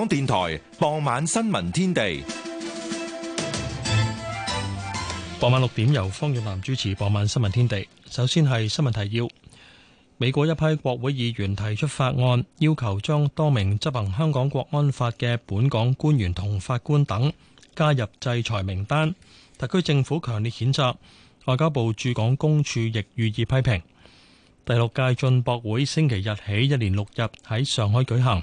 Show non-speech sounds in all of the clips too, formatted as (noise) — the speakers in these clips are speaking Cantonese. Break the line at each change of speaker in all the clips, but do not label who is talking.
香港電台傍晚新聞天地，傍晚六點由方玉南主持。傍晚新聞天地，首先係新聞提要。美國一批國會議員提出法案，要求將多名執行香港國安法嘅本港官員同法官等加入制裁名單。特區政府強烈譴責，外交部駐港公署亦予以批評。第六屆進博會星期日起一連六日喺上海舉行。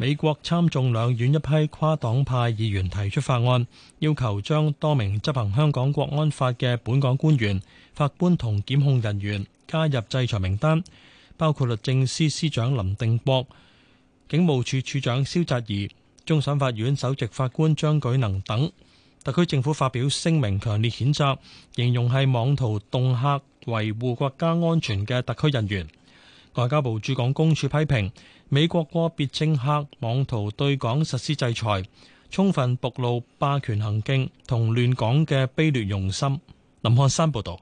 美國參眾兩院一批跨黨派議員提出法案，要求將多名執行香港國安法嘅本港官員、法官同檢控人員加入制裁名單，包括律政司司長林定國、警務處處長蕭澤頤、終審法院首席法官張舉能等。特區政府發表聲明，強烈譴責，形容係妄圖動客維護國家安全嘅特區人員。外交部駐港公署批評美國個別政客妄圖對港實施制裁，充
分暴露霸權行徑同亂港嘅卑劣用心。林漢山報導。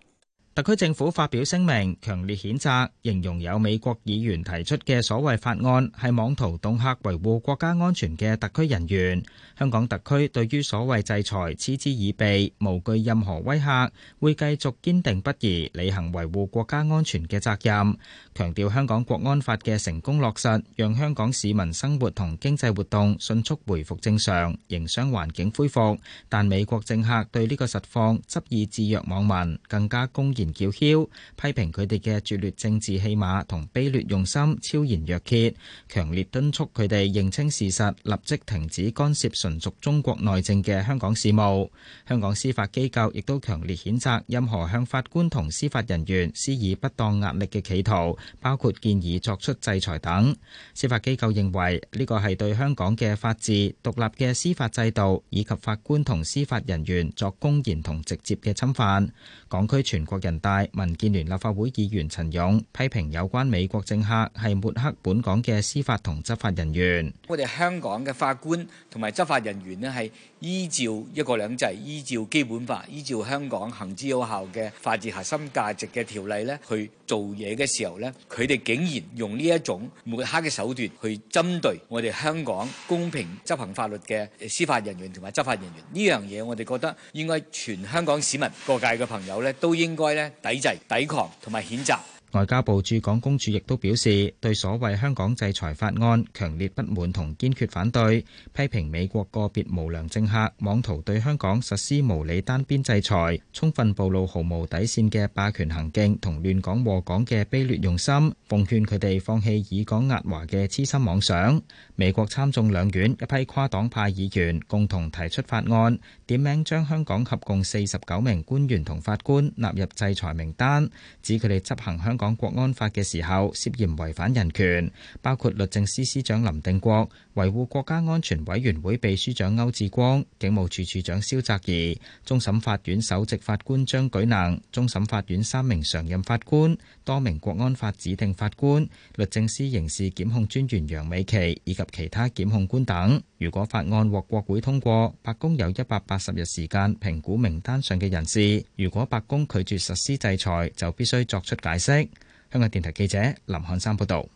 特區政府發表聲明，強烈譴責，形容，有美國議員提出嘅所謂法案係妄圖恫嚇維護國家安全嘅特區人員。香港特區對於所謂制裁嗤之以鼻，無懼任何威嚇，會繼續堅定不移履行維護國家安全嘅責任。強調香港國安法嘅成功落實，讓香港市民生活同經濟活動迅速回復正常，營商環境恢復。但美國政客對呢個實況執意制約網民，更加公然。叫囂，批評佢哋嘅拙劣政治戲碼同卑劣用心，昭然若揭，強烈敦促佢哋認清事實，立即停止干涉純屬中國內政嘅香港事務。香港司法機構亦都強烈譴責任何向法官同司法人員施以不當壓力嘅企圖，包括建議作出制裁等。司法機構認為呢個係對香港嘅法治、獨立嘅司法制度以及法官同司法人員作公然同直接嘅侵犯。港區全國人。大民建聯立法會議員陳勇批評有關美國政客係抹黑本港嘅司法同執法人員。我哋香港嘅法官同埋執法人員呢係。依照一國兩制，依照基本法，依照香港行之有效嘅法治核心價值嘅條例去做嘢嘅時候呢，佢哋竟然用呢一種抹黑嘅手段去針對我哋香港公平執行法律嘅司法人員同埋執法人員。呢樣嘢，我哋覺得應該全香港市民各界嘅朋友呢，都應該咧抵制、抵抗同埋譴責。外交部駐港公署亦都表示，對所謂香港制裁法案強烈不滿同堅決反對，批評美國個別無良政客妄圖對香港實施無理單邊制裁，充分暴露毫無底線嘅霸權行徑同亂港和港嘅卑劣用心，奉勸佢哋放棄以港壓華嘅痴心妄想。美國參眾兩院一批跨黨派議員共同提出法案，點名將香港合共四十九名官員同法官納入制裁名單，指佢哋執行香講國安法嘅時候涉嫌違反人權，包括律政司司長林定國、維護國家安全委員會秘書長歐志光、警務處處長蕭澤頤、終審法院首席法官張舉能、終審法院三名常任法官、多名國安法指定法官、律政司刑事檢控專員楊美琪以及其他檢控官等。如果法案獲國會通過，白宮有一百八十日時間評估名單上嘅人士。如果白宮拒絕實施制裁，就必須作出解釋。香港電台記者林漢山報道。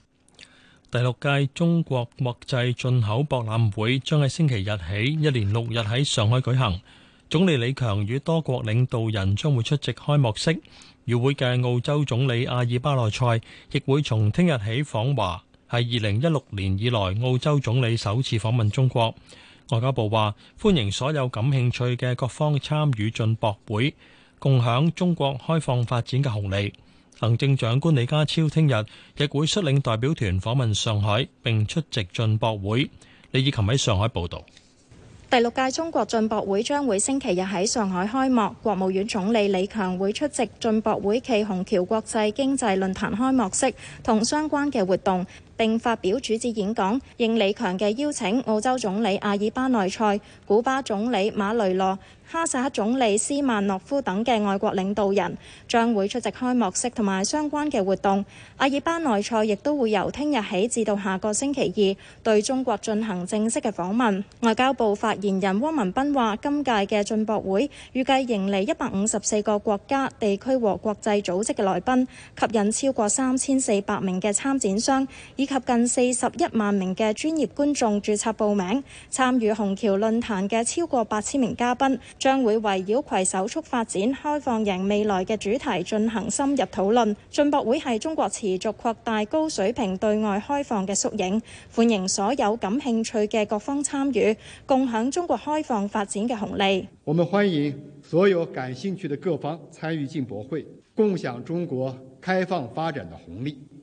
第六屆中國國際進口博覽會將喺星期日起一連六日喺上海舉行。總理李強與多國領導人將會出席開幕式。與會嘅澳洲總理阿爾巴內塞亦會從聽日起訪華。係二零一六年以來澳洲總理首次訪問中國。外交部話歡迎所有感興趣嘅各方參與進博會，共享中國開放發展嘅紅利。行政長官李家超聽日亦會率領代表團訪問上海，並出席進博會。李以琴喺上海報導。
第六屆中國進博會將會星期日喺上海開幕，國務院總理李強會出席進博會暨虹橋國際經濟論壇開幕式同相關嘅活動。並發表主旨演講。應李強嘅邀請，澳洲總理阿爾巴內塞、古巴總理馬雷諾、哈薩克總理斯曼諾夫等嘅外國領導人將會出席開幕式同埋相關嘅活動。阿爾巴內塞亦都會由聽日起至到下個星期二對中國進行正式嘅訪問。外交部發言人汪文斌話，今屆嘅進博會預計迎嚟一百五十四個國家、地區和國際組織嘅來賓，吸引超過三千四百名嘅參展商，以。及近四十一萬名嘅專業觀眾注冊報名，參與虹橋論壇嘅超過八千名嘉賓，將會圍繞攜手促發展、開放贏未來嘅主題進行深入討論。進博會係中國持續擴大高水平對外開放嘅縮影，歡迎所有感興趣嘅各方參與，共享中國開放發展嘅紅利。
我們歡迎所有感興趣的各方參與進博會，共享中國開放發展的紅利。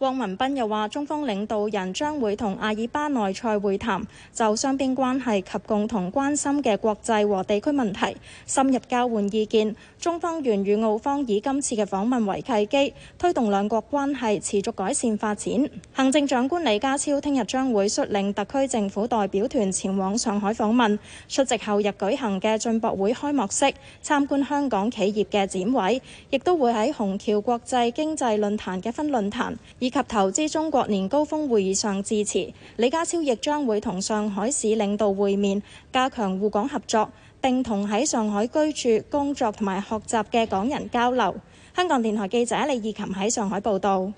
汪文斌又話：中方領導人將會同阿爾巴內塞會談，就雙邊關係及共同關心嘅國際和地區問題深入交換意見。中方願與澳方以今次嘅訪問為契機，推動兩國關係持續改善發展。行政長官李家超聽日將會率領特區政府代表團前往上海訪問，出席後日舉行嘅進博會開幕式，參觀香港企業嘅展位，亦都會喺虹橋國際經濟論壇嘅分論壇。以及投資中國年高峰會議上致辭，李家超亦將會同上海市領導會面，加強滬港合作，並同喺上海居住、工作同埋學習嘅港人交流。香港電台記者李義琴喺上海報道。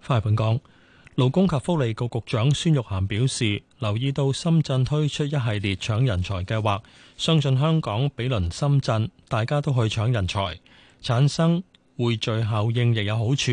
返嚟本港，勞工及福利局局，局長孫玉菡表示，留意到深圳推出一系列搶人才計劃，相信香港毗鄰深圳，大家都去搶人才，產生匯聚效應，亦有好處。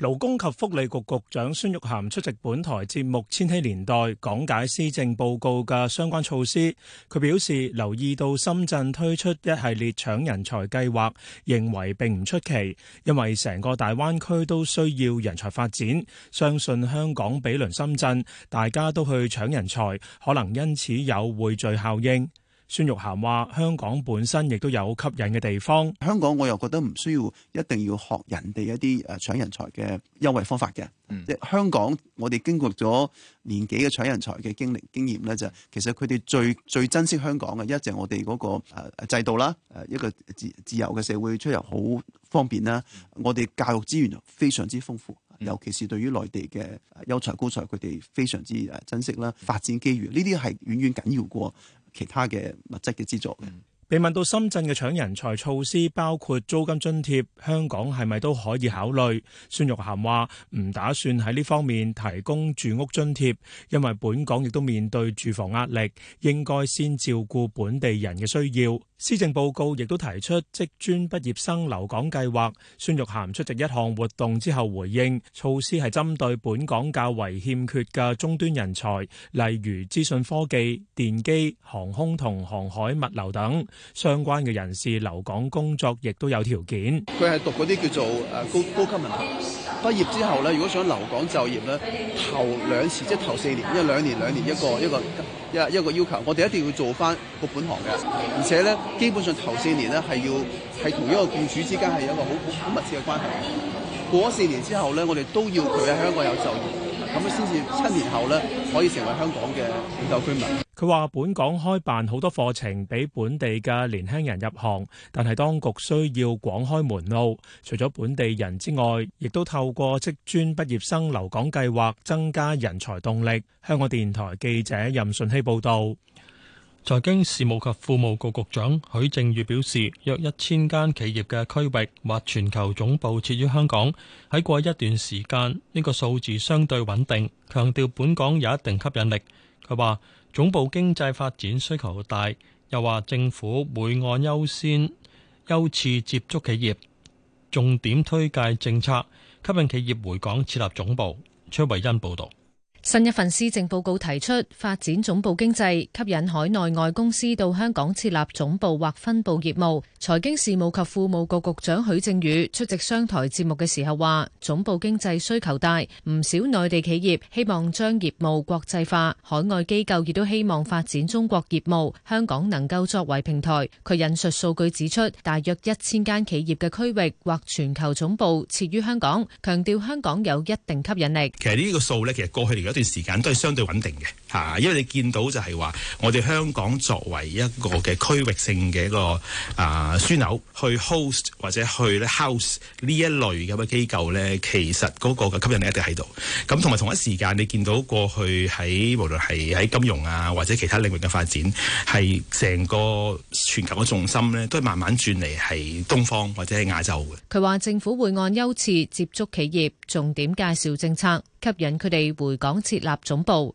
勞工及福利局局長孫玉菡出席本台節目《千禧年代》講解施政報告嘅相關措施。佢表示留意到深圳推出一系列搶人才計劃，認為並唔出奇，因為成個大灣區都需要人才發展。相信香港比鄰深圳，大家都去搶人才，可能因此有匯聚效應。孫玉菡話：香港本身亦都有吸引嘅地方。
香港我又覺得唔需要一定要學人哋一啲誒搶人才嘅優惠方法嘅。嗯，香港我哋經過咗年幾嘅搶人才嘅經歷經驗咧，就其實佢哋最最珍惜香港嘅，一就係我哋嗰個誒制度啦，誒一個自自由嘅社會出遊好方便啦。我哋教育資源非常之豐富，尤其是對於內地嘅優才高才，佢哋非常之誒珍惜啦，發展機遇呢啲係遠遠緊要過。其他嘅物質嘅資助，
被問到深圳嘅搶人才措施包括租金津貼，香港係咪都可以考慮？孫玉菡話唔打算喺呢方面提供住屋津貼，因為本港亦都面對住房壓力，應該先照顧本地人嘅需要。施政報告亦都提出職專畢業生留港計劃。孫玉涵出席一項活動之後，回應措施係針對本港較為欠缺嘅中端人才，例如資訊科技、電機、航空同航海物流等相關嘅人士留港工作，亦都有條件。
佢係讀嗰啲叫做誒高高級文憑，畢業之後咧，如果想留港就業呢，頭兩次即係頭四年，因為兩年兩年一個一個。一個一一個要求，我哋一定要做翻個本行嘅，而且咧基本上頭四年咧係要係同一個雇主之間係有一個好好好密切嘅關係。過咗四年之後咧，我哋都要佢喺香港有就業。咁先至七年後呢，呢可以成為
香港嘅永久居民。佢話：本港開辦好多課程俾本地嘅年輕人入行，但係當局需要廣開門路，除咗本地人之外，亦都透過職專畢業生留港計劃增加人才動力。香港電
台記者任順希報導。財經事務及庫務局局長許正宇表示，約一千間企業嘅區域或全球總部設於香港，喺過一段時間呢，這個數字相對穩定，強調本港有一定吸引力。佢話，總部經濟發展需求大，又話政府每按優先、優次接觸企業，重點推介政策，吸引企業回港設立總部。崔維恩報道。
新一份施政報告提出發展總部經濟，吸引海內外公司到香港設立總部或分部業務。財經事務及庫務局局長許正宇出席商台節目嘅時候話：總部經濟需求大，唔少內地企業希望將業務國際化，海外機構亦都希望發展中國業務，香港能夠作為平台。佢引述數據指出，大約一千間企業嘅區域或全球總部設於香港，強調香港有一定吸引力。其
實呢個數咧，其實過去一段時間都係相對穩定嘅，吓，因為你見到就係話，我哋香港作為一個嘅區域性嘅一個啊樞紐，去 host 或者去咧 house 呢一類咁嘅機構咧，其實個嘅吸引力一定喺度。咁同埋同一時間，你見到過去喺無論係喺金融啊或者其他領域嘅發展，係成個全球嘅重心咧，都係慢慢轉嚟係東方或者係亞洲嘅。
佢話政府會按優次接觸企業，重點介紹政策，吸引佢哋回港。設立總部。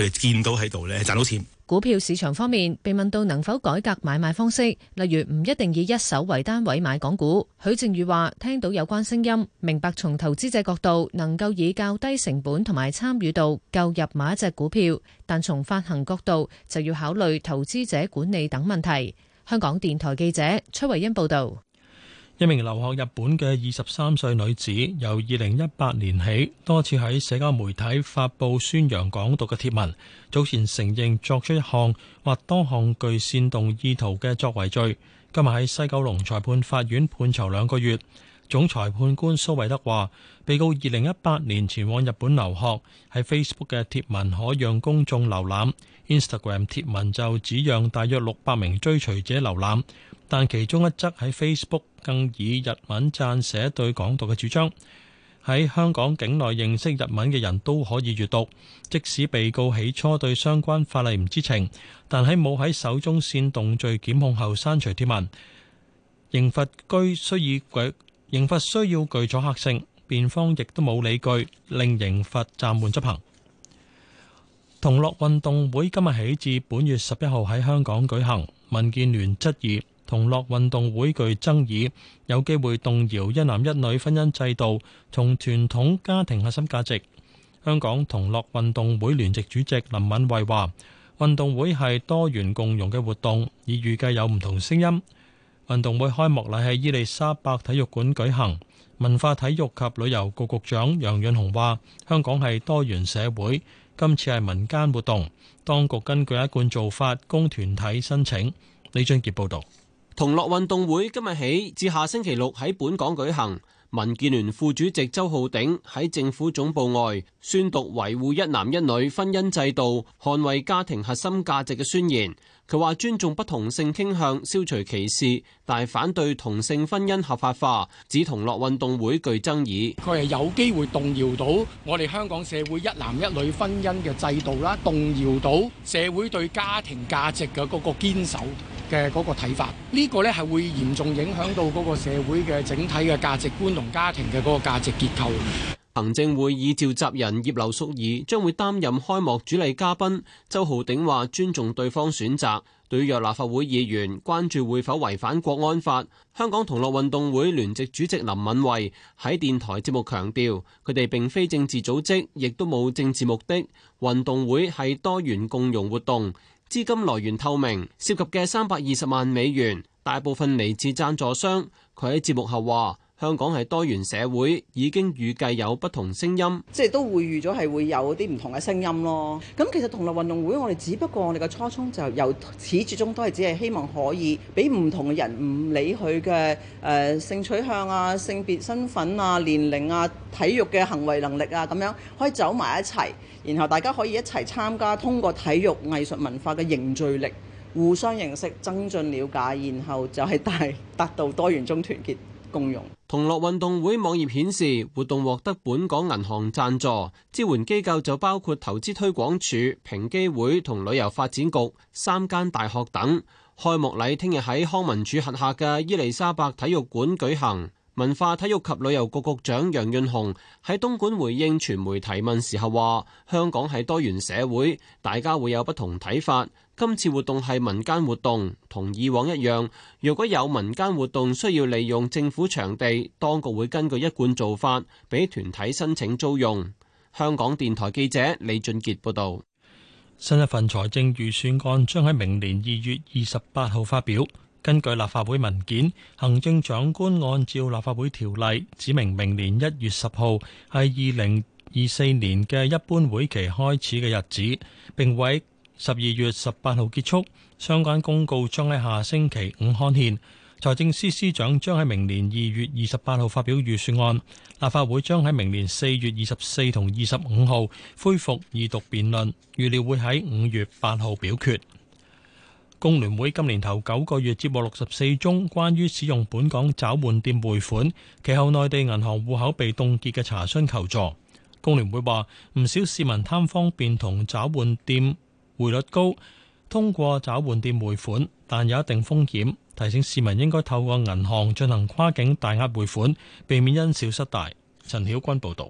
見到喺度呢，賺到錢。
股票市場方面，被問到能否改革買賣方式，例如唔一定以一手為單位買港股。許正宇話：聽到有關聲音，明白從投資者角度能夠以較低成本同埋參與度購入買一隻股票，但從發行角度就要考慮投資者管理等問題。香港電台記者崔慧恩報道。
一名留學日本嘅二十三歲女子，由二零一八年起多次喺社交媒體發布宣揚港獨嘅貼文。早前承認作出一項或多項具煽動意圖嘅作為罪，今日喺西九龍裁判法院判囚兩個月。總裁判官蘇惠德話，被告二零一八年前往日本留學，喺 Facebook 嘅貼文可讓公眾瀏覽，Instagram 貼文就只讓大約六百名追隨者瀏覽，但其中一則喺 Facebook，更以日文撰寫對港獨嘅主張，喺香港境內認識日文嘅人都可以閱讀。即使被告起初對相關法例唔知情，但喺冇喺手中煽動罪檢控後刪除貼文，刑罰居需以具刑罰需要具阻嚇性，辯方亦都冇理據令刑罰暫緩執行。同樂運動會今日起至本月十一號喺香港舉行，民建聯質疑。同樂運動會具爭議，有機會動搖一男一女婚姻制度，同傳統家庭核心價值。香港同樂運動會聯席主席林敏慧話：運動會係多元共融嘅活動，已預計有唔同聲音。運動會開幕禮喺伊利沙伯體育館舉行。文化體育及旅遊局局長楊潤雄話：香港係多元社會，今次係民間活動，當局根據一貫做法，供團體申請。李俊傑報道。同
樂運動會今日起至下星期六喺本港舉行。民建聯副主席周浩鼎喺政府總部外宣讀維護一男一女婚姻制度、捍衛家庭核心價值嘅宣言。佢話尊重不同性傾向、消除歧視，但係反對同性婚姻合法化。指同樂運動會具爭議，佢係有
機會動搖到我哋香港社會一男一女婚姻嘅制度啦，動搖到社會對家庭價值嘅嗰個堅守，嘅嗰個睇法，呢個咧係會嚴重影響到嗰個社會嘅整體嘅價值觀同家庭嘅嗰個價值結構。
行政會議召集人葉劉淑儀將會擔任開幕主禮嘉賓。周浩鼎話尊重對方選擇，對於立法會議員關注會否違反國安法，香港同樂運動會聯席主席林敏慧喺電台節目強調，佢哋並非政治組織，亦都冇政治目的。運動會係多元共融活動。資金來源透明，涉及嘅三百二十萬美元，大部分嚟自贊助商。佢喺節目後話。香港係多元社會，已經預計
有不同聲音，即係都會預咗係會有啲唔同嘅聲音咯。咁其實同樂運動會，我哋只不過我哋嘅初衷就由始至終都係只係希望可以俾唔同嘅人，唔理佢嘅誒性取向啊、性別身份啊、年齡啊、體育嘅行為能力啊咁樣，可以走埋一齊，然後大家可以一齊參加，通過體育、藝術、文化嘅凝聚力，互相認識、增進了解，然後就係大達到多元中團結共融。
同樂運動會網頁顯示，活動獲得本港銀行贊助，支援機構就包括投資推廣署、平機會同旅遊發展局、三間大學等。開幕禮聽日喺康文署轄下嘅伊麗莎白體育館舉行。文化體育及旅遊局局長楊潤雄喺東莞回應傳媒提問時候話：香港係多元社會，大家會有不同睇法。今次活動係民間活動，同以往一樣。如果有民間活動需要利用政府場地，當局會根據一貫做法，俾團體申請租用。香港電台記者李俊杰報道。
新一份財政預算案將喺明年二月二十八號發表。根據立法會文件，行政長官按照立法會條例指明，明年一月十號係二零二四年嘅一般會期開始嘅日子，並會十二月十八號結束。相關公告將喺下星期五刊憲。財政司司長將喺明年二月二十八號發表預算案。立法會將喺明年四月二十四同二十五號恢復二讀辯論，預料會喺五月八號表決。工聯會今年頭九個月接獲六十四宗關於使用本港找換店匯款，其後內地銀行戶口被凍結嘅查詢求助。工聯會話，唔少市民貪方便同找換店匯率高，通過找換店匯款，但有一定風險，提醒市民應該透過銀行進行跨境大額匯款，避免因小失大。陳曉君報導。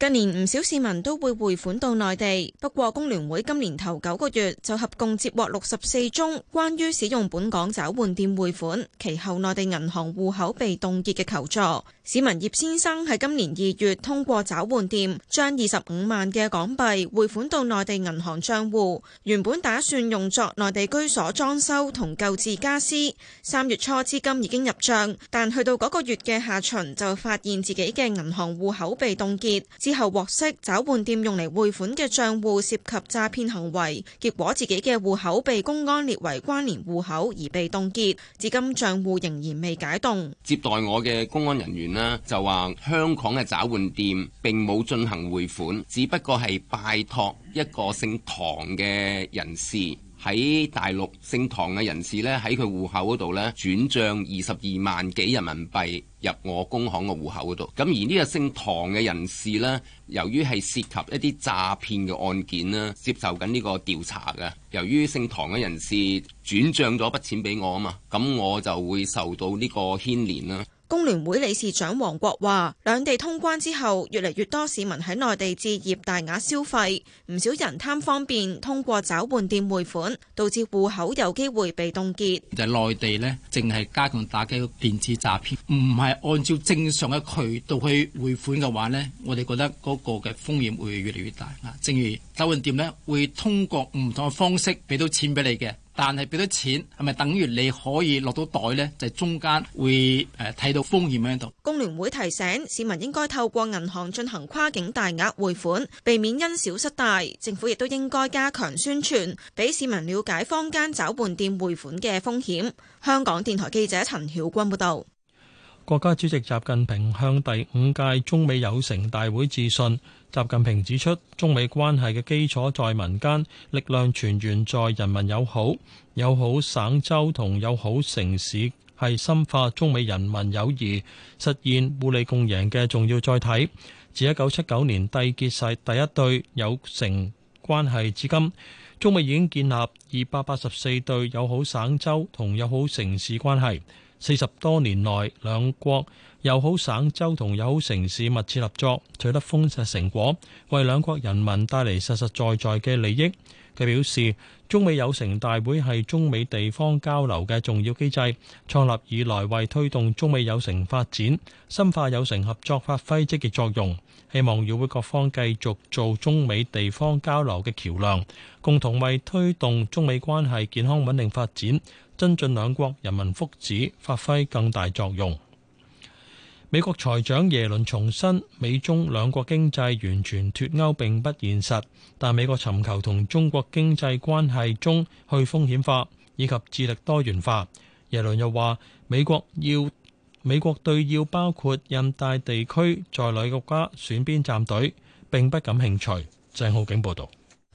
近年唔少市民都會匯款到內地，不過工聯會今年頭九個月就合共接獲六十四宗關於使用本港找換店匯款，其後內地銀行戶口被凍結嘅求助。市民葉先生喺今年二月通過找換店將二十五萬嘅港幣匯款到內地銀行賬戶，原本打算用作內地居所裝修同購置家私。三月初資金已經入賬，但去到嗰個月嘅下旬就發現自己嘅銀行戶口被凍結。之後獲悉找換店用嚟匯款嘅賬戶涉及詐騙行為，結果自己嘅戶口被公安列為關聯戶口而被凍結，至今賬戶仍然未解凍。
接待我嘅公安人員呢，就話，香港嘅找換店並冇進行匯款，只不過係拜託一個姓唐嘅人士。喺大陸姓唐嘅人士呢，喺佢戶口嗰度呢，轉帳二十二萬幾人民幣入我工行嘅戶口嗰度。咁而呢個姓唐嘅人士呢，由於係涉及一啲詐騙嘅案件啦，接受緊呢個調查嘅。由於姓唐嘅人士轉帳咗筆錢俾我啊嘛，咁我就會受到呢個牽連啦。
工聯會理事長黃國話：兩地通關之後，越嚟越多市民喺內地置業大、大額消費，唔少人貪方便，通過找換店匯款，導致戶口有機會被凍結。
就係內地呢，淨係加強打擊電子詐騙，唔係按照正常嘅渠道去匯款嘅話呢，我哋覺得嗰個嘅風險會越嚟越大。啊，正如找換店呢，會通過唔同嘅方式俾到錢俾你嘅。但係俾多錢係咪等於你可以落到袋呢？就係中間會誒睇到風險喺度。
工聯會提醒市民應該透過銀行進行跨境大額匯款，避免因小失大。政府亦都應該加強宣傳，俾市民了解坊間找換店匯款嘅風險。香港電台記者陳曉君報道。
國家主席習近平向第五屆中美友城大會致信。習近平指出，中美關係嘅基礎在民間，力量全員在人民友好，友好省州同友好城市，係深化中美人民友誼，實現互利共贏嘅重要載體。自1979年，締結第一對友城關係至今，中美已經建立284對友好省州同友好城市關係。四十多年來，兩國友好省州同友好城市密切合作，取得豐碩成果，為兩國人民帶嚟實實在在嘅利益。佢表示，中美友城大會係中美地方交流嘅重要機制，創立以來為推動中美友城發展、深化友城合作發揮積極作用。希望與會各方繼續做中美地方交流嘅橋梁，共同為推動中美關係健康穩定發展。增進兩國人民福祉，發揮更大作用。美國財長耶倫重申，美中兩國經濟完全脫鉤並不現實，但美國尋求同中國經濟關係中去風險化以及致力多元化。耶倫又話，美國要美國對要包括印太地區在內國家選邊站隊並不感興趣。鄭浩景報導。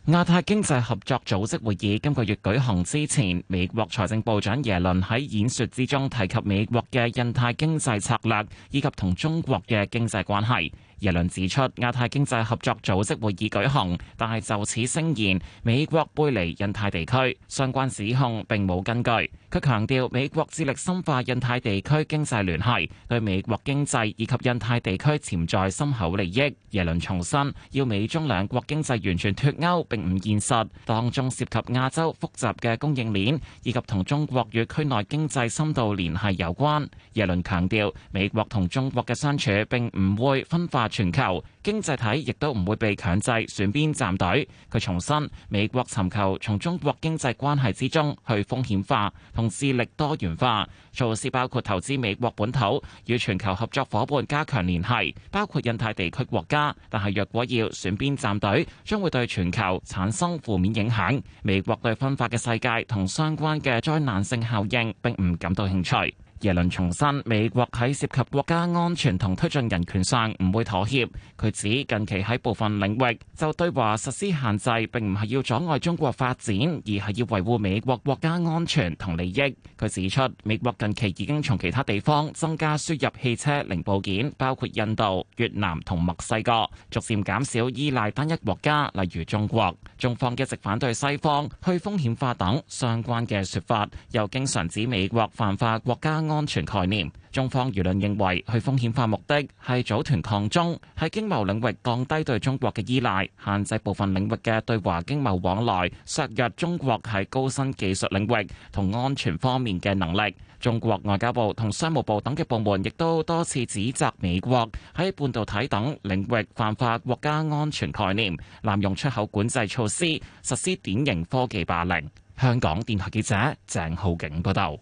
亞太經濟合作組織會議今個月舉行之前，美國財政部長耶倫喺演說之中提及美國嘅印太經濟策略以及同中國嘅經濟關係。耶倫指出，亞太經濟合作組織會議舉行，但係就此聲言美國背離印太地區，相關指控並冇根據。佢強調美國致力深化印太地區經濟聯繫，對美國經濟以及印太地區潛在深厚利益。耶倫重申，要美中兩國經濟完全脫鉤並唔現實，當中涉及亞洲複雜嘅供應鏈，以及同中國與區內經濟深度聯繫有關。耶倫強調，美國同中國嘅相處並唔會分化全球經濟體，亦都唔會被強制選邊站隊。佢重申，美國尋求從中國經濟關係之中去風險化，同資力多元化措施，包括投資美國本土與全球合作伙伴加強聯繫，包括印太地區國家。但係若果要選邊站隊，將會對全球產生負面影響。美國對分發嘅世界同相關嘅災難性效應，並唔感到興趣。耶倫重申，美國喺涉及國家安全同推進人權上唔會妥協。佢指近期喺部分領域就對華實施限制，並唔係要阻礙中國發展，而係要維護美國國家安全同利益。佢指出，美國近期已經從其他地方增加輸入汽車零部件，包括印度、越南同墨西哥，逐漸減少依賴單一國家，例如中國。中方一直反對西方去風險化等相關嘅説法，又經常指美國泛化國家安全概念，中方輿論認為，去風險化目的係組團抗中，喺經貿領域降低對中國嘅依賴，限制部分領域嘅對華經貿往來，削弱中國喺高新技術領域同安全方面嘅能力。中國外交部同商務部等嘅部門亦都多次指責美國喺半導體等領域泛化國家安全概念，濫用出口管制措施，實施典型科技霸凌。香港電台記者鄭浩景報道。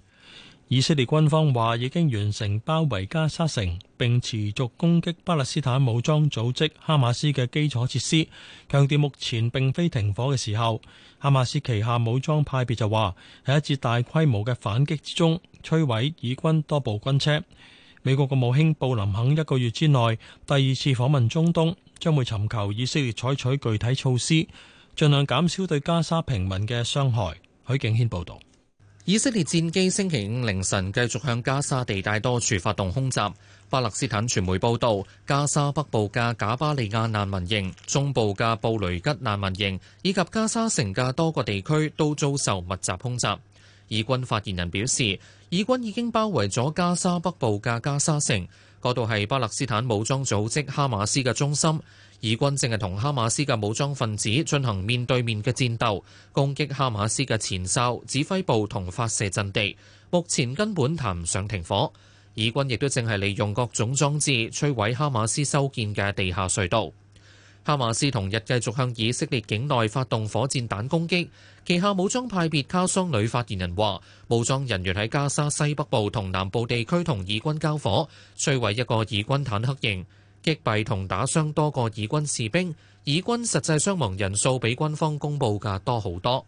以色列軍方話
已經完成包圍加沙城，並持續攻擊巴勒斯坦武裝組織哈馬斯嘅基礎設施，強調目前並非停火嘅時候。哈馬斯旗下武裝派別就話喺一次大規模嘅反擊之中，摧毀以軍多部軍車。美國國務卿布林肯一個月之內第二次訪問中東，將會尋求以色列採取具體措施，盡量減少對加沙平民嘅傷害。許景軒報導。以色列戰機星期五凌晨繼續向加
沙地帶多處發動空襲。巴勒斯坦傳媒報道，加沙北部嘅賈巴利亞難民營、中部嘅布雷吉難民營以及加沙城嘅多個地區都遭受密集空襲。以軍發言人表示，以軍已經包圍咗加沙北部嘅加沙城。嗰度係巴勒斯坦武裝組織哈馬斯嘅中心，以軍正係同哈馬斯嘅武裝分子進行面對面嘅戰鬥，攻擊哈馬斯嘅前哨、指揮部同發射陣地。目前根本談唔上停火，以軍亦都正係利用各種裝置摧毀哈馬斯修建嘅地下隧道。哈馬斯同日繼續向以色列境內發動火箭彈攻擊。旗下武裝派別卡桑女發言人話：武裝人員喺加沙西北部同南部地區同以軍交火，摧毀一個以軍坦克營，擊斃同打傷多個以軍士兵。以軍實際傷亡人數比軍方公佈嘅多好多。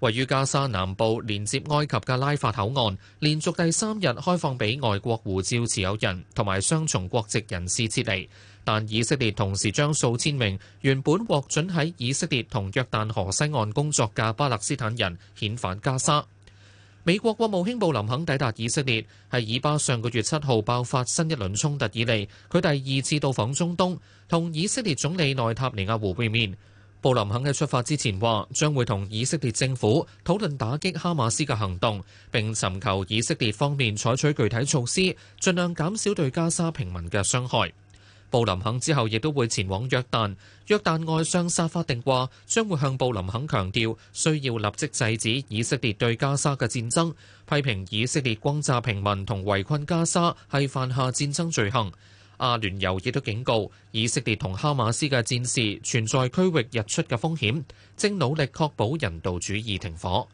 位於加沙南部連接埃及嘅拉法口岸，連續第三日開放俾外國護照持有人同埋雙重國籍人士撤離。但以色列同時將數千名原本獲准喺以色列同約旦河西岸工作嘅巴勒斯坦人遣返加沙。美國國務卿布林肯抵達以色列，係以巴上個月七號爆發新一輪衝突以嚟，佢第二次到訪中東，同以色列總理內塔尼亞胡會面。布林肯喺出發之前話，將會同以色列政府討論打擊哈馬斯嘅行動，並尋求以色列方面採取具體措施，盡量減少對加沙平民嘅傷害。布林肯之後亦都會前往約旦，約旦外相薩法迪話將會向布林肯強調，需要立即制止以色列對加沙嘅戰爭，批評以色列轟炸平民同圍困加沙係犯下戰爭罪行。阿聯酋亦都警告，以色列同哈馬斯嘅戰事存在區域日出嘅風險，正努力確保人道主義停火。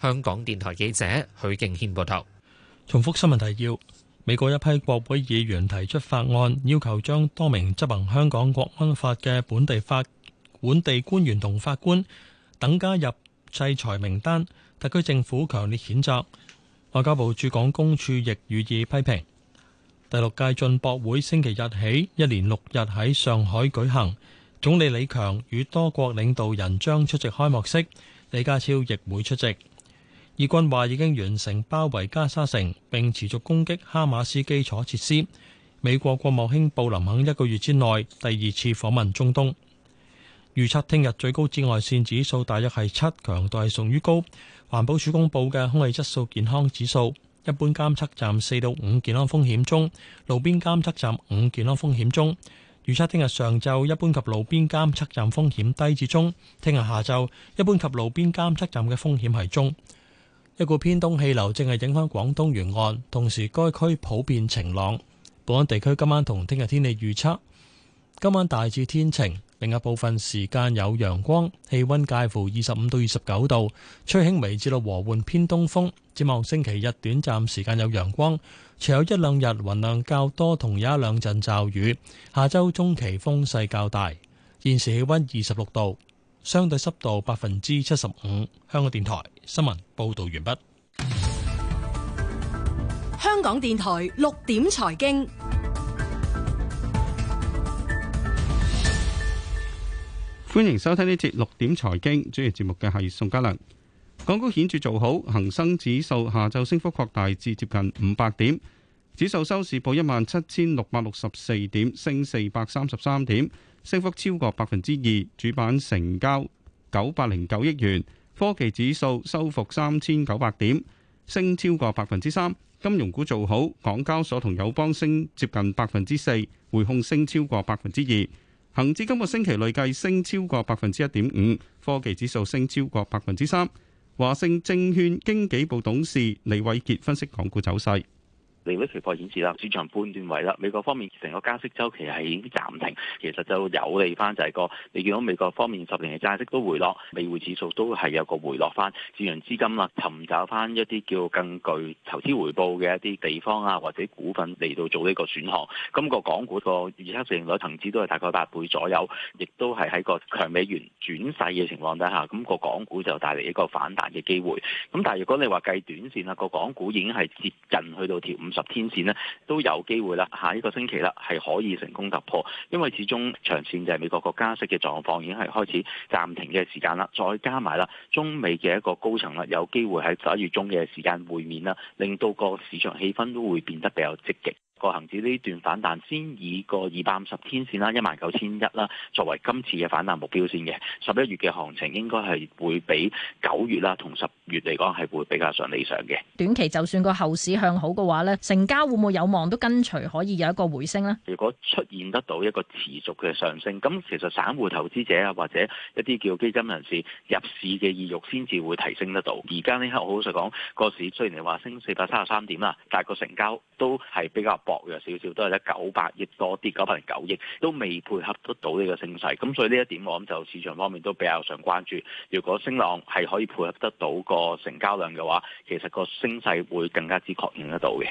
香港電台記者許敬軒報道。
重複新聞提要。美國一批國會議員提出法案，要求將多名執行香港國安法嘅本地法、本地官員同法官等加入制裁名單。特區政府強烈譴責，外交部駐港公署亦予以批評。第六屆進博會星期日起一連六日喺上海舉行，總理李強與多國領導人將出席開幕式，李家超亦會出席。以軍話已經完成包圍加沙城，並持續攻擊哈馬斯基礎設施。美國國務卿布林肯一個月之內第二次訪問中東。預測聽日最高紫外線指數大約係七，強度係屬於高。環保署公佈嘅空氣質素健康指數，一般監測站四到五健康風險中，路邊監測站五健康風險中。預測聽日上晝一般及路邊監測站風險低至中，聽日下晝一般及路邊監測站嘅風險係中。一股偏東氣流正係影響廣東沿岸，同時該區普遍晴朗。本港地區今晚同聽日天氣預測：今晚大致天晴，另外部分時間有陽光，氣溫介乎二十五到二十九度，吹輕微至到和緩偏東風。展望星期日短暫時間有陽光，除有一兩日雲量較多同有一兩陣驟雨。下周中期風勢較大。現時氣溫二十六度，相對濕度百分之七十五。香港電台。新聞報道完畢。
香港電台六點財經，
(music) 歡迎收聽呢節六點財經。主持節目嘅係宋嘉良。港股顯著做好，恒生指數下晝升幅擴大至接近五百點，指數收市報一萬七千六百六十四點，升四百三十三點，升幅超過百分之二。主板成交九百零九億元。科技指數收復三千九百點，升超過百分之三。金融股做好，港交所同友邦升接近百分之四，匯控升超過百分之二。恒指今個星期累計升超過百分之一點五，科技指數升超過百分之三。華盛證券經紀部董事李偉傑分析港股走勢。
利率期貨顯示啦，市場判斷為啦。美國方面成個加息周期係已經暫停，其實就有利翻就係個你見到美國方面十年嘅債息都回落，美匯指數都係有個回落翻，自然資金啦尋找翻一啲叫更具投資回報嘅一啲地方啊，或者股份嚟到做呢個選項。咁個港股個預測市盈率層次都係大概八倍左右，亦都係喺個強美元轉勢嘅情況底下，咁個港股就帶嚟一個反彈嘅機會。咁但係如果你話計短線啦，個港股已經係接近去到調五。十天線呢都有機會啦，下一個星期啦係可以成功突破，因為始終長線就係美國嘅加息嘅狀況已經係開始暫停嘅時間啦，再加埋啦，中美嘅一個高層啦有機會喺十一月中嘅時間會面啦，令到個市場氣氛都會變得比較積極。個恆指呢段反彈，先以個二百五十天線啦，一萬九千一啦，作為今次嘅反彈目標線嘅十一月嘅行情，應該係會比九月啦同十月嚟講係會比較上理想嘅。
短期就算個後市向好嘅話呢，成交會唔會有望都跟隨可以有一個回升呢？
如果出現得到一個持續嘅上升，咁其實散戶投資者啊或者一啲叫基金人士入市嘅意欲先至會提升得到。而家呢刻我好想講，個市雖然係話升四百三十三點啦，但係個成交都係比較薄。薄弱少少，都係得九百億多啲，九百零九億都未配合得到呢個升勢，咁所以呢一點我諗就市場方面都比較想關注。如果升浪係可以配合得到個成交量嘅話，其實個升勢會更加之確認得到嘅。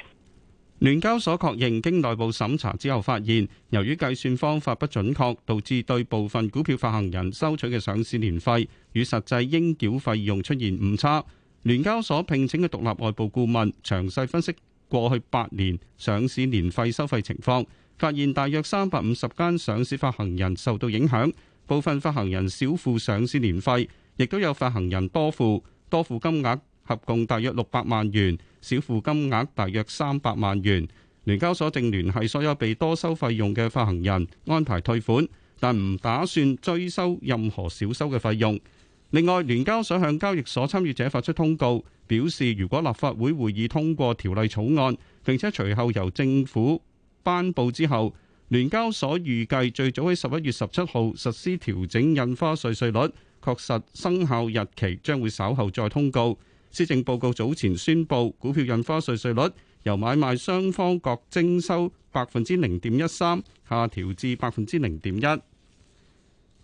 聯交所確認，經內部審查之後發現，由於計算方法不準確，導致對部分股票發行人收取嘅上市年費與實際應繳費用出現誤差。聯交所聘請嘅獨立外部顧問，詳細分析。過去八年上市年費收費情況，發現大約三百五十間上市發行人受到影響，部分發行人少付上市年費，亦都有發行人多付，多付金額合共大約六百萬元，少付金額大約三百萬元。聯交所正聯繫所有被多收費用嘅發行人，安排退款，但唔打算追收任何少收嘅費用。另外，聯交所向交易所參與者發出通告，表示如果立法會會議通過條例草案，並且隨後由政府頒布之後，聯交所預計最早喺十一月十七號實施調整印花稅稅率，確實生效日期將會稍後再通告。施政報告早前宣布，股票印花稅稅率由買賣雙方各徵收百分之零點一三，下調至百分之零點一。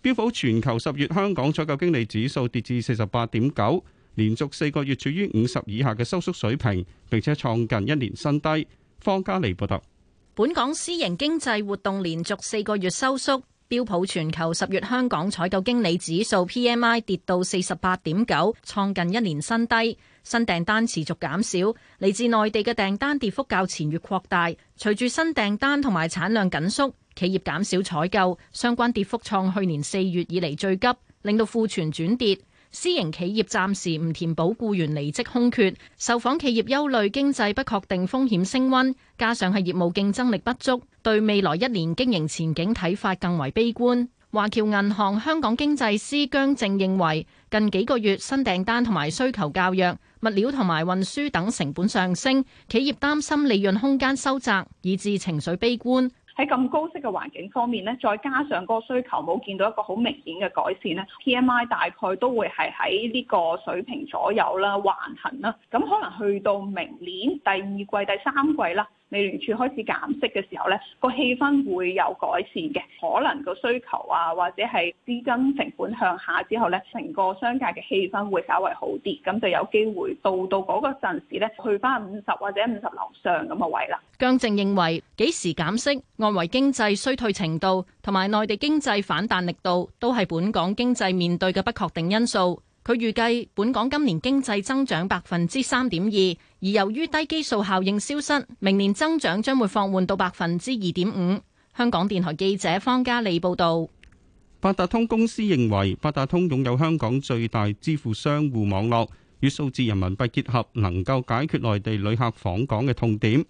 標普全球十月香港採購經理指數跌至四十八點九，連續四個月處於五十以下嘅收縮水平，並且創近一年新低。方家莉報道：
本港私營經濟活動連續四個月收縮，標普全球十月香港採購經理指數 （PMI） 跌到四十八點九，創近一年新低。新訂單持續減少，嚟自內地嘅訂單跌幅較前月擴大，隨住新訂單同埋產量緊縮。企業減少採購，相關跌幅創去年四月以嚟最急，令到庫存轉跌。私營企業暫時唔填補僱員離職空缺，受訪企業憂慮經濟不確定風險升温，加上係業務競爭力不足，對未來一年經營前景睇法更為悲觀。華僑銀行香港經濟師姜正認為，近幾個月新訂單同埋需求較弱，物料同埋運輸等成本上升，企業擔心利潤空間收窄，以致情緒悲觀。
喺咁高息嘅環境方面咧，再加上個需求冇見到一個好明顯嘅改善咧，PMI 大概都會係喺呢個水平左右啦，橫行啦。咁可能去到明年第二季、第三季啦。美聯儲開始減息嘅時候呢，個氣氛會有改善嘅，可能個需求啊，或者係資金成本向下之後呢，成個商界嘅氣氛會稍微好啲，咁就有機會到到嗰個陣時咧，去翻五十或者五十樓上咁嘅位啦。
姜正認為，幾時減息、外圍經濟衰退程度同埋內地經濟反彈力度，都係本港經濟面對嘅不確定因素。佢預計本港今年經濟增長百分之三點二。而由於低基數效應消失，明年增長將會放緩到百分之二點五。香港電台記者方嘉莉報導。
八達通公司認為，八達通擁有香港最大支付商戶網絡，與數字人民幣結合，能夠解決內地旅客訪港嘅痛點。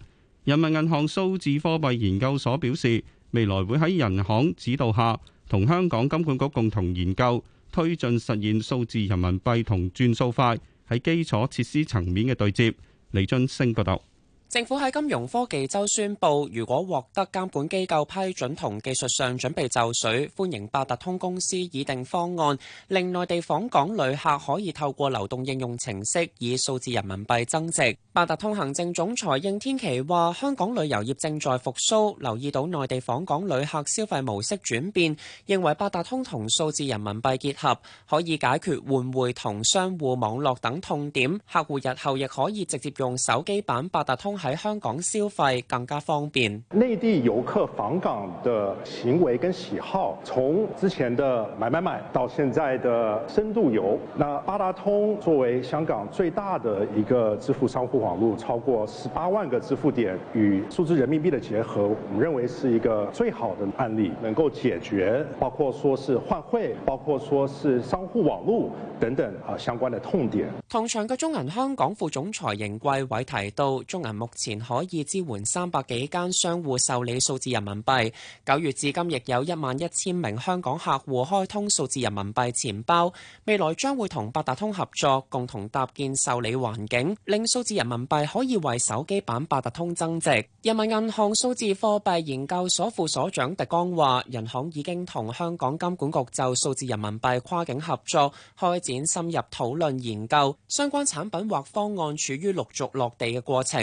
人民銀行數字貨幣研究所表示，未來會喺銀行指導下，同香港金管局共同研究，推進實現數字人民幣同轉數快喺基礎設施層面嘅對接。李津升嗰度。
政府喺金融科技周宣布，如果獲得監管機構批准同技術上準備就緒，歡迎八達通公司擬定方案，令內地訪港旅客可以透過流動應用程式以數字人民幣增值。八達通行政總裁應天琪話：香港旅遊業正在復甦，留意到內地訪港旅客消費模式轉變，認為八達通同數字人民幣結合可以解決換匯同商戶網絡等痛點，客戶日後亦可以直接用手機版八達通。喺香港消費更加方便。
內地遊客訪港的行為跟喜好，從之前的買買買到現在的深度遊，那八達通作為香港最大的一個支付商戶網絡，超過十八萬個支付點與數字人民幣的結合，我們認為是一個最好的案例，能夠解決，包括說是換匯，包括說是商戶網絡等等啊相關的痛點。
同場嘅中銀香港副總裁邢桂偉提到，中銀目目前可以支援三百幾間商戶受理數字人民幣，九月至今亦有一萬一千名香港客戶開通數字人民幣錢包。未來將會同八達通合作，共同搭建受理環境，令數字人民幣可以為手機版八達通增值。人民銀行數字貨幣研究所副所長狄光話，人行已經同香港金管局就數字人民幣跨境合作開展深入討論研究，相關產品或方案處於陸續落地嘅過程。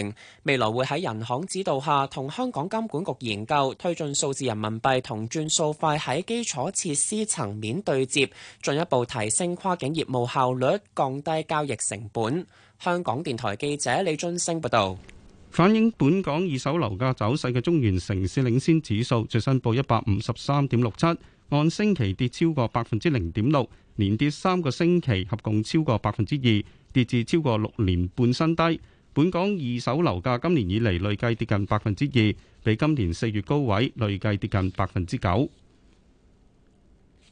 未來會喺人行指導下，同香港金管局研究推進數字人民幣同轉數快喺基礎設施層面對接，進一步提升跨境業務效率，降低交易成本。香港電台記者李津升報道，
反映本港二手樓價走勢嘅中原城市領先指數最新報一百五十三點六七，按星期跌超過百分之零點六，連跌三個星期，合共超過百分之二，跌至超過六年半新低。本港二手樓價今年以嚟累計跌近百分之二，比今年四月高位累計跌近百分之九。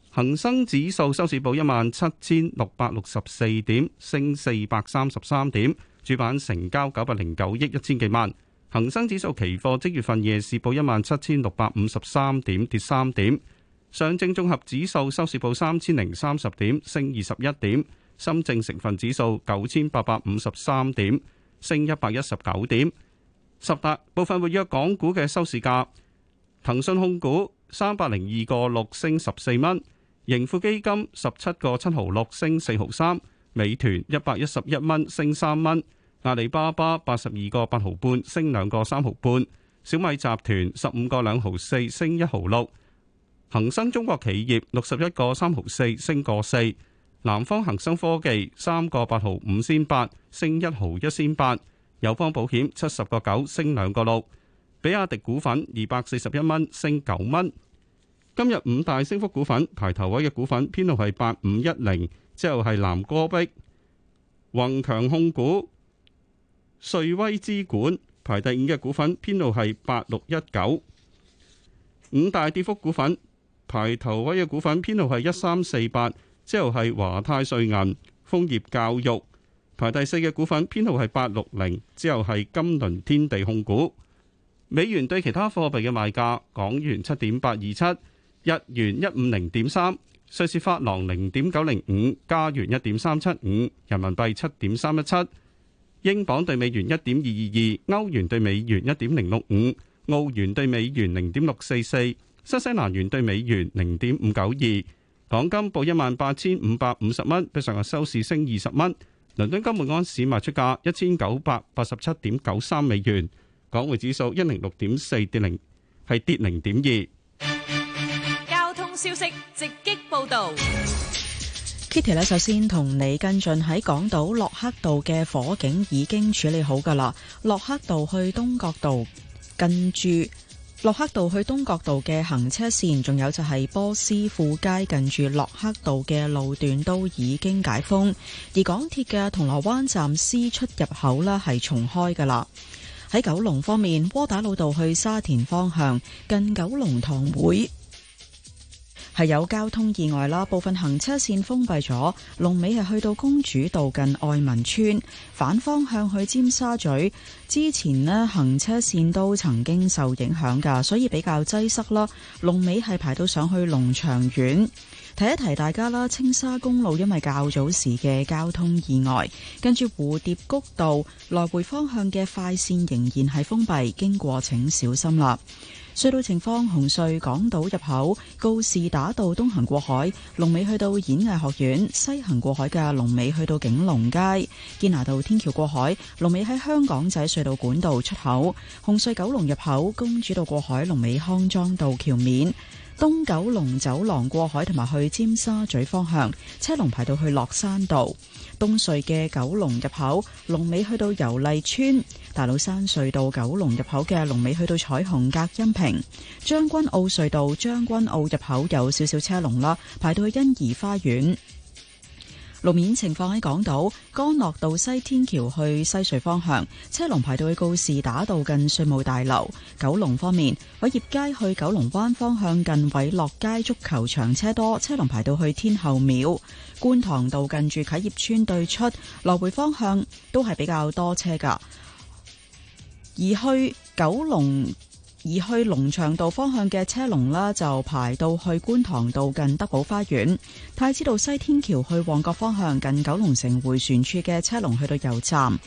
恒生指數收市報一萬七千六百六十四點，升四百三十三點，主板成交九百零九億一千幾萬。恒生指數期貨即月份夜市報一萬七千六百五十三點，跌三點。上證綜合指數收市報三千零三十點，升二十一點。深證成分指數九千八百五十三點。1> 升一百一十九點，十大部分活躍港股嘅收市價：騰訊控股三百零二個六升十四蚊，盈富基金十七個七毫六升四毫三，美團一百一十一蚊升三蚊，阿里巴巴八十二個八毫半升兩個三毫半，小米集團十五個兩毫四升一毫六，恒生中國企業六十一個三毫四升個四。南方恒生科技三個八毫五仙八，升一毫一仙八。友邦保險七十個九升兩個六。比亞迪股份二百四十一蚊升九蚊。今日五大升幅股份排頭位嘅股份編號係八五一零，之後係南戈壁、宏強控股、瑞威資管，排第五嘅股份編號係八六一九。五大跌幅股份排頭位嘅股份編號係一三四八。之後係華泰瑞銀、豐業教育排第四嘅股份編號係八六零。之後係金輪天地控股。美元對其他貨幣嘅賣價：港元七點八二七，日元一五零點三，瑞士法郎零點九零五，加元一點三七五，人民幣七點三一七，英鎊對美元一點二二二，歐元對美元一點零六五，澳元對美元零點六四四，新西蘭元對美元零點五九二。港金報一萬八千五百五十蚊，比上日收市升二十蚊。倫敦金每安士賣出價一千九百八十七點九三美元。港匯指數一零六點四跌零，係跌零點二。
交通消息直擊報道
，Kitty 咧首先同你跟進喺港島洛克道嘅火警已經處理好噶啦，洛克道去東角道跟住。洛克道去東角道嘅行車線，仲有就係波斯富街近住洛克道嘅路段都已經解封，而港鐵嘅銅鑼灣站 C 出入口呢係重開㗎喇。喺九龍方面，窩打老道去沙田方向近九龍塘會係有交通意外啦，部分行車線封閉咗，龍尾係去到公主道近愛民村，反方向去尖沙咀，之前呢，行車線都曾經受影響噶，所以比較擠塞啦。龍尾係排到上去龍翔苑。提一提大家啦，青沙公路因為較早時嘅交通意外，跟住蝴蝶谷道來回方向嘅快線仍然係封閉，經過請小心啦。隧道情況：紅隧港島入口告士打道東行過海，龍尾去到演藝學院；西行過海嘅龍尾去到景隆街、堅拿道天橋過海，龍尾喺香港仔隧道管道出口；紅隧九龍入口公主道過海，龍尾康莊道橋面；東九龍走廊過海同埋去尖沙咀方向，車龍排到去落山道。東隧嘅九龍入口，龍尾去到油麗邨；大老山隧道九龍入口嘅龍尾去到彩虹隔音屏；將軍澳隧道將軍澳入口有少少車龍啦，排到去欣怡花園。路面情況喺港島，江諾道西天橋去西隧方向，車龍排到去告士打道近稅務大樓。九龍方面，偉業街去九龍灣方向近偉樂街足球場，車多，車龍排到去天后廟。觀塘道近住啟業邨對出，來回方向都係比較多車噶，而去九龍。而去龍翔道方向嘅車龍啦，就排到去觀塘道近德寶花園；太子道西天橋去旺角方向近九龍城回旋處嘅車龍去到油站。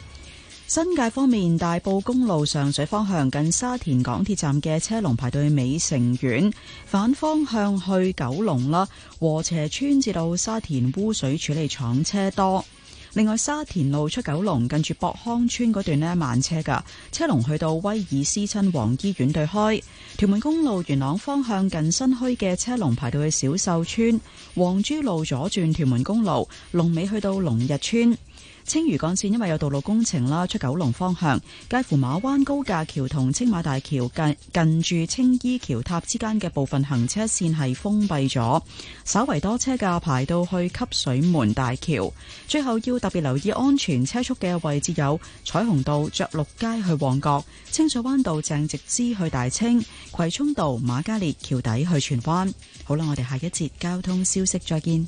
新界方面，大埔公路上水方向近沙田港鐵站嘅車龍排到去美城苑，反方向去九龍啦，和斜村至到沙田污水處理廠車多。另外，沙田路出九龍近住博康村嗰段呢，慢車嘅車龍去到威爾斯親王醫院對開，屯門公路元朗方向近新墟嘅車龍排到去小秀村，黃珠路左轉屯門公路，龍尾去到龍日村。青嶼幹線因為有道路工程啦，出九龍方向，介乎馬灣高架橋同青馬大橋近近住青衣橋塔之間嘅部分行車線係封閉咗，稍為多車㗎，排到去汲水門大橋，最後要特別留意安全車速嘅位置有彩虹道、着陸街去旺角、清水灣道鄭直枝去大清、葵涌道馬嘉烈橋底去荃灣。好啦，我哋下一節交通消息再見。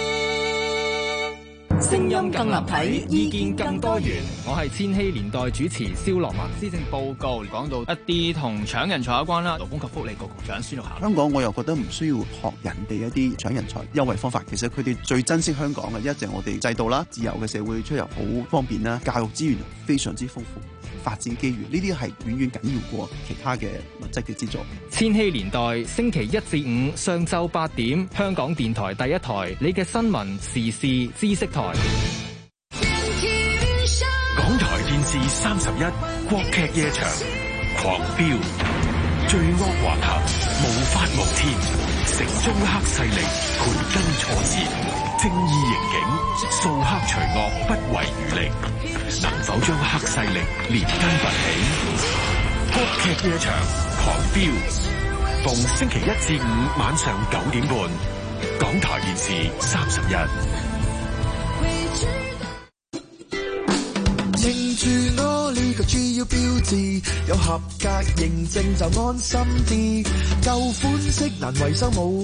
聲
音
更立體，意見
更多元。 (noise)
我係千禧年代主持蕭樂文。施政報告講到一啲同搶人才有關啦。勞工及福利局局長孫玉霞。
香港我又覺得唔需要學人哋一啲搶人才優惠方法。其實佢哋最珍惜香港嘅，一就係我哋制度啦，自由嘅社會出入好方便啦，教育資源非常之豐富。發展機遇，呢啲係遠遠緊要過其他嘅物質嘅資助。
千禧年代，星期一至五上
晝八點，香港電台第一台，你嘅新聞時事知識台。
港台
電視三十一，國劇夜場，狂飆，罪惡橫行，無法無天，城中黑勢力盤根錯節。正義刑警，掃黑除惡不遺餘力，能否將黑勢力連根拔起？黑劇夜場狂飆，逢星期一至五晚上九點半，港台電視三
十日。
認住我呢個主要標誌，
有合格認證就安心啲，舊款式能維修冇。